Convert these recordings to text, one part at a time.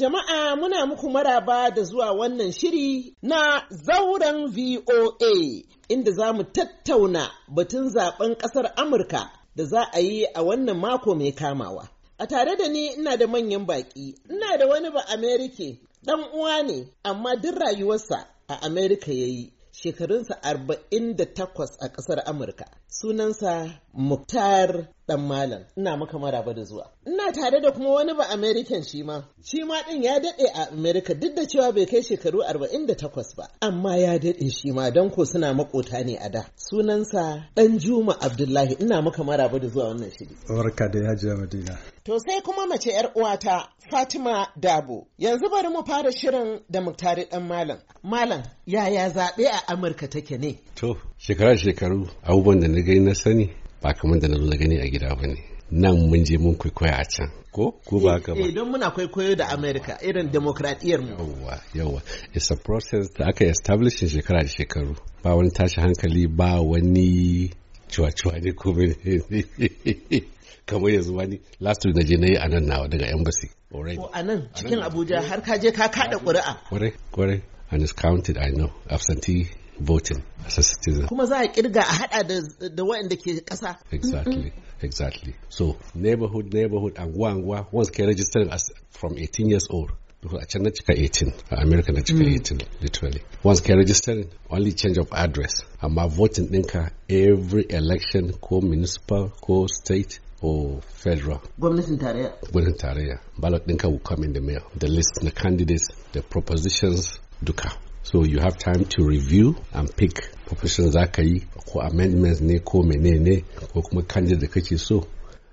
jama'a muna muku maraba da zuwa wannan shiri na zauren VOA inda za mu tattauna batun zaben ƙasar Amurka da za a yi a wannan mako mai kamawa. A tare da ni ina da manyan baƙi, ina da wani ba Amerike, ɗan uwa ne, amma duk rayuwarsa a Amerika ya yi. Shekarunsa arba'in da takwas a ƙasar Amurka. Sunansa Muktar dan malam ina maka maraba da zuwa ina tare da kuma wani ba american shi ma shi ma din ya daɗe a america duk da cewa bai kai shekaru da 48 ba amma ya daɗe shi ma don ko suna makota ne a da sunansa dan juma abdullahi ina maka maraba da zuwa wannan shiri barka da ya jiya madina to sai kuma mace yar uwata fatima dabo yanzu bari mu fara shirin da muktari dan malam malam yaya zaɓe a amurka take ne to shekara shekaru abubuwan da na gani na sani ba kamar da na zo na gani a gida ba ne nan mun je mun kwaikwaya a can ko ko ba ka ba idan eh, eh, muna kwaikwayo da america irin demokradiyyar mu yawa yawa it's a process da aka establish shekara da shekaru ba wani tashi hankali ba wani cuwa-cuwa ne ko kamar yanzu wani last week na je na yi a nan nawa daga embassy ko a cikin abuja har ka je ka kada kuri'a. kwarai kwarai and it's counted i know absentee voting as a citizen. Kuma za a kirga a hada da waɗanda ke ƙasa. Exactly, exactly. So neighborhood, neighborhood, anguwa, anguwa, once kai register as from 18 years old. Because a can na cika 18, a American na cika 18, hmm. literally. Once kai register only change of address. Amma voting ɗinka every election ko municipal ko state or federal. Gwamnatin tarayya. Gwamnatin tarayya. Ballot ɗinka will come in the mail. The list the candidates, the propositions duka. so you have time to review and pick profession za ka yi ko amendments ne ko menene ko kuma candidate da kake so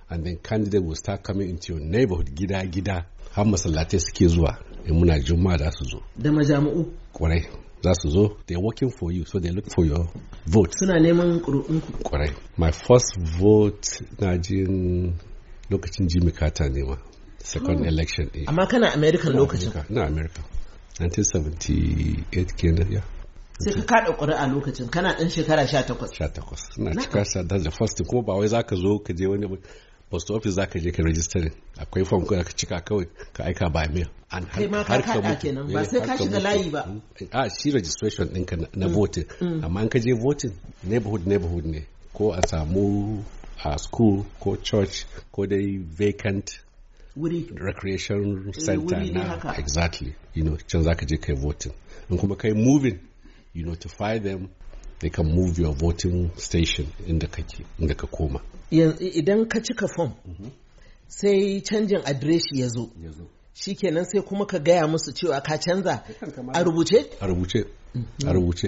and then candidate will start coming into your neighborhood gida gida har masallatai suke zuwa in muna juma'a za su zo da majami'u kwarai za su zo they working for you so they look for your vote suna neman ƙuri'unku kwarai my first vote na jin lokacin jimmy carter ne ma second oh. election eh. amma kana american lokacin na american 1978 kenan ya sai ka kada ƙuri'a lokacin kana ɗan shekara 18 18 na cika sa da the first ko ba wai zaka zo ka je wani post office za je ka register akwai form ka cika kawai ka aika ba mail an har ka mutu kenan ba eh, sai ka shiga layi ba hmm. a ah, shi registration ɗinka na hmm. voting hmm. amma in ka je voting neighborhood neighborhood ne ko a samu a school ko church ko dai vacant wuri recreation eh, center na exactly you know can zaka je kai voting in kuma kai moving you notify them they can move your voting station inda kake inda ka koma idan ka cika form mhm. sai canjin adireshi ya zo shikenan sai kuma ka gaya musu cewa ka canza a rubuce a rubuce a mhm. rubuce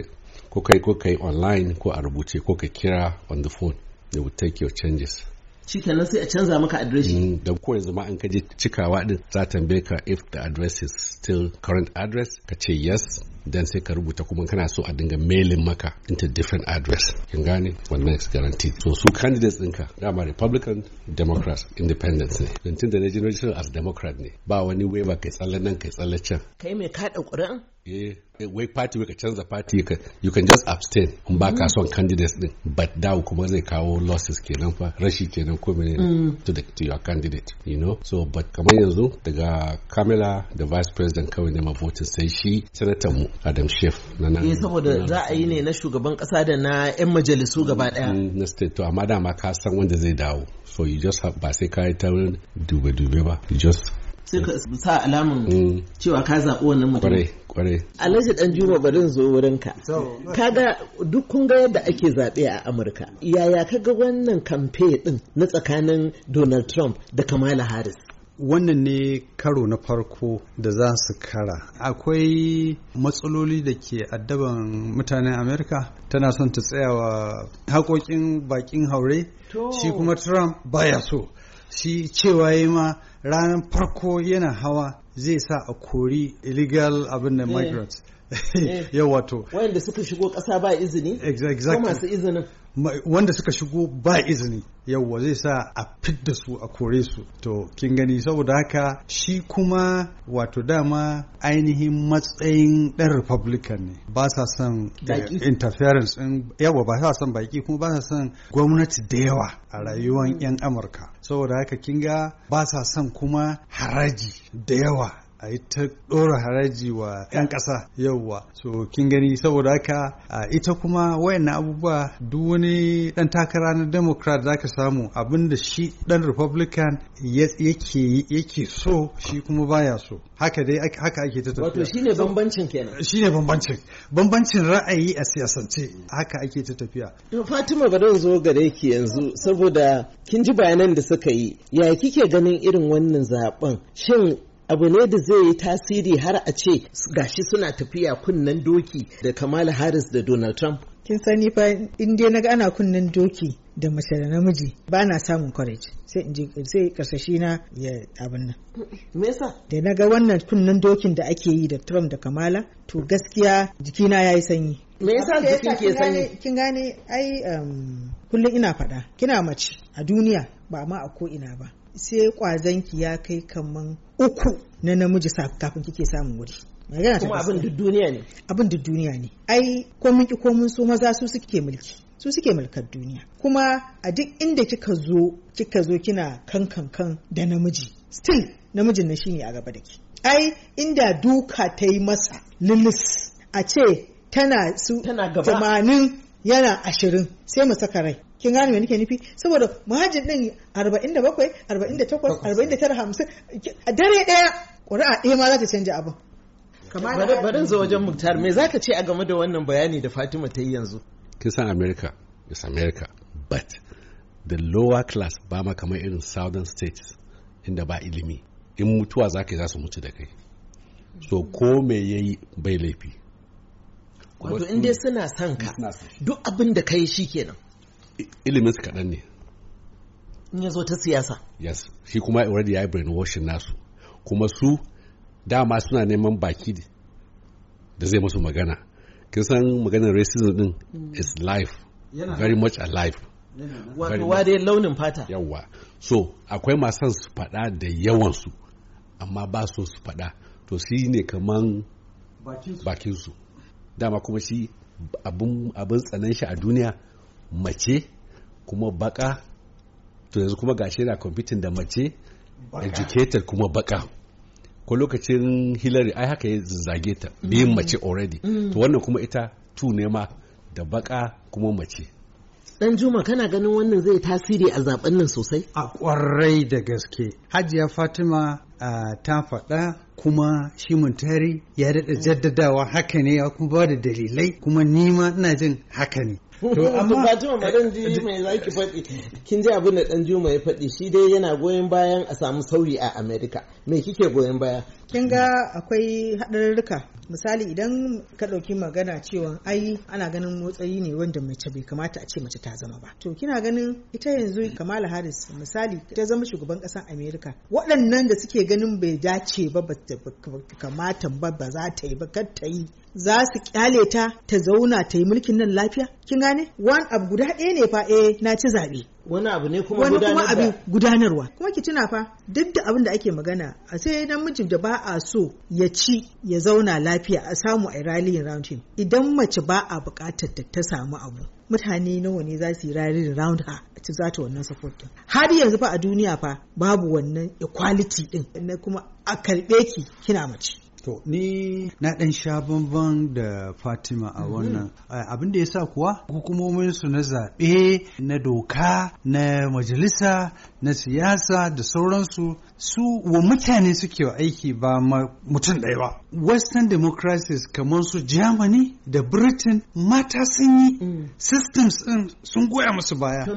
ko kai ko kai online ko a rubuce ko ka kira on the phone they will take your changes shikenan sai a canza maka adireshi. Mm, da ko yanzu ma an kaje cikawa din za tambaye ka if the address is still current address ka ce yes dan sai ka rubuta kuma kana so a dinga mailin maka into different address kin gane wannan is guaranteed so su candidates ɗinka dama republican democrat independent ne don tun da na general as democrat ne ba wani waiver kai tsalle nan kai tsalle can kai mai kaɗa ƙuri'an Yeah. Eh, wai party ka canza party you can just abstain in ba ka son candidates din but dawo kuma zai kawo losses kenan fa rashi kenan ko mene mm. to the to your candidate you know so but kamar yanzu daga Kamala da vice president kawai ne ma voting sai shi senator mu Adam Schiff na nan eh saboda za a yi ne na shugaban kasa da na yan majalisu gaba daya mm, mm, na state to amma dama ka san wanda zai dawo so you just have ba sai ka yi ta dube-dube ba you just sai ka sa alamun mm. cewa ka zaɓi wannan mutum kwarai alhaji dan juma barin zo wurin ka kaga duk kun ga yadda ake zaɓe a amurka yaya kaga wannan kamfe ɗin na tsakanin donald trump da kamala harris wannan ne karo na farko da za su kara akwai matsaloli da ke addaban mutanen amerika tana son ta tsayawa haƙoƙin baƙin haure shi kuma trump baya so shi cewa ya ma ranar farko yana hawa zai sa a kori illegal abin da eh. migrants Eh, yawa wanda suka shigo ƙasa ba izini exactly masu izinin wanda suka shigo ba izini yauwa zai sa a fidda su a kore su to kin gani saboda haka shi kuma wato dama ainihin matsayin ɗan republican ne ba sa son eh, interference in yawa ba sa son baki kuma ba sa son gwamnati da yawa a rayuwar 'yan mm. amurka saboda haka kinga. ba sa son kuma haraji da yawa a yi ta ɗora haraji wa 'yan ƙasa yauwa so kin gani saboda haka ita kuma wayannan abubuwa duk wani ɗan takara na democrat ka samu abinda da shi ɗan republican yake so shi kuma baya so haka dai haka ake ta tafiya wato shine bambancin kenan shine bambancin bambancin ra'ayi a siyasance haka ake ta tafiya to Fatima ba zan zo gare ki yanzu saboda kin ji bayanan da suka yi ya kike ganin irin wannan zaben shin abu ne da zai yi tasiri har a ce gashi suna tafiya kunnen doki da kamala harris da donald trump kin sani fa in dai naga ana kunnen doki da mace da namiji ba na samun courage sai in je sai karsashi na ya abin nan me yasa da naga wannan kunnen dokin da ake yi da Trump da Kamala to gaskiya jikina yayi sanyi me yasa jikin ke sanyi kin gane ai um, kullum ina faɗa kina mace a duniya ba ma a ko ina ba sai kwazanki ya kai kaman uku na namiji kafin kike samun wuri magana kuma abin duk duniya ne abin duk duniya ne ai ko mun ki ko mun maza su suke mulki su suke mulkar duniya kuma a duk inda kika zo kika zo kina kankan kan da namiji still namijin na shine a gaba da ki ai inda duka ta yi masa lilis a ce tana su tamanin yana ashirin sai mu saka rai kin gane me nake nufi saboda muhajir din 47 48 49 50 a dare daya ƙuri'a ɗaya ma za ta canja abin barin zo wajen muktar me zaka ce a game da wannan bayani da fatima ta yi yanzu kin san america is america but the lower class ba ma kamar irin southern states inda ba ilimi in mutuwa za ka yi za su mutu da kai so ko me ya yi bai laifi wato in dai suna son ka duk abin da ka yi shi kenan ilimin su kaɗan ne in ya zo ta siyasa yes shi kuma already ya yi brainwashing nasu kuma su dama suna neman baki da zai musu magana kin san maganar racism din mm. is life very much alive wato dai launin fata Yawwa so akwai masu su faɗa da yawansu amma ba so su faɗa to shi ne kaman bakinsu dama kuma shi abin tsanan shi a duniya mace kuma baka to yanzu kuma gashi yana kwamfitin da mace educated kuma baka ko lokacin hillary ai haka ya zage ta biyin mm. mace already to mm. wannan kuma ita tu ne ma da baka kuma mace dan juma kana ganin wannan zai tasiri a zaben nan sosai a kwarai da gaske hajiya fatima ta faɗa kuma shi tari ya daɗa jaddadawa haka ne ya kuma ba da dalilai kuma nima ina jin haka ne to amma Fatima madan ji mai zaki faɗi kin ji abin da dan Juma ya faɗi shi dai yana goyon bayan a samu sauyi a Amerika. me kike goyon baya kin ga akwai haɗarurruka misali idan ka ɗauki magana cewa ai ana ganin motsayi ne wanda mace bai kamata a ce mace ta zama ba to kina ganin ita yanzu kamala harris misali ta zama shugaban ƙasar america waɗannan da suke ganin bai dace ba ba kamata ba ba za ta yi ba kar ta yi za su kyale ta ta zauna ta yi mulkin nan lafiya kin gane wani abu guda ɗaya ne fa eh na ci zaɓe wani abu ne kuma wani kuma abin gudanarwa kuma ki tuna fa duk da abin da ake magana a sai namiji da ba a so ya ci ya zauna lafiya a samu a rally round him idan mace ba a bukatar ta samu abu mutane nawa ne za su yi rally round her ta za ta wannan support har yanzu fa a duniya fa babu wannan equality din na kuma a karbe ki kina mace To, ni na ɗan sha bamban da Fatima a mhm. wannan. Abin da ya sa kuwa hukumominsu na zaɓe, na doka, na majalisa, na siyasa da sauransu su wa mutane suke wa aiki ba mutum ɗaya ba. Western democracies kamar su Germany da Britain mata sun yi mm. systems ɗin sun goya musu baya. To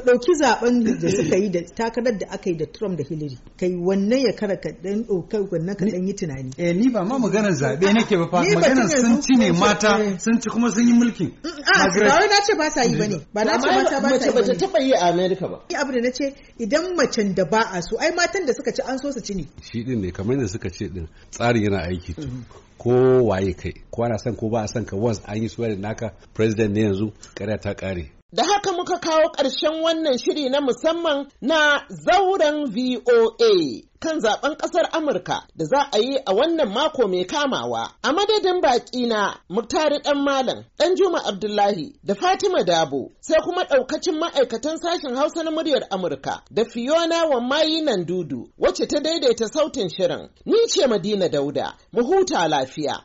ɗauki zaɓen da suka yi da takarar da aka yi da Trump da Hillary. Kai wannan ya kara ka ɗan ɗaukar wannan dan yi tunani eh ni ba ma maganar zabe nake ba fa maganar sun ci ne mata eh. sun ci kuma sun yi mulkin mm, mm, a ah, ba na ce ba sa yi bane ba na ce mata ba ta yi mace taba yi a America ba ni abu da nace idan macen da ba a so ai matan da suka ci an so su ci ne shi din ne kamar yadda suka ce din tsarin yana aiki mm-hmm. ko waye kai ko ana son ko ba a son ka once an yi suwarin naka president ne yanzu kare ta kare da haka muka kawo ƙarshen wannan shiri na musamman na zauren VOA. kan zaben ƙasar Amurka da za a yi a wannan mako mai kamawa. A madadin baƙi na Muktari ɗan Malam, ɗan Juma Abdullahi da Fatima Dabo, sai kuma ɗaukacin ma'aikatan sashen Hausa na muryar Amurka da Fiona Wammayi nan dudu, wacce ta daidaita sautin shirin. Ni ce Madina Dauda, mu huta lafiya.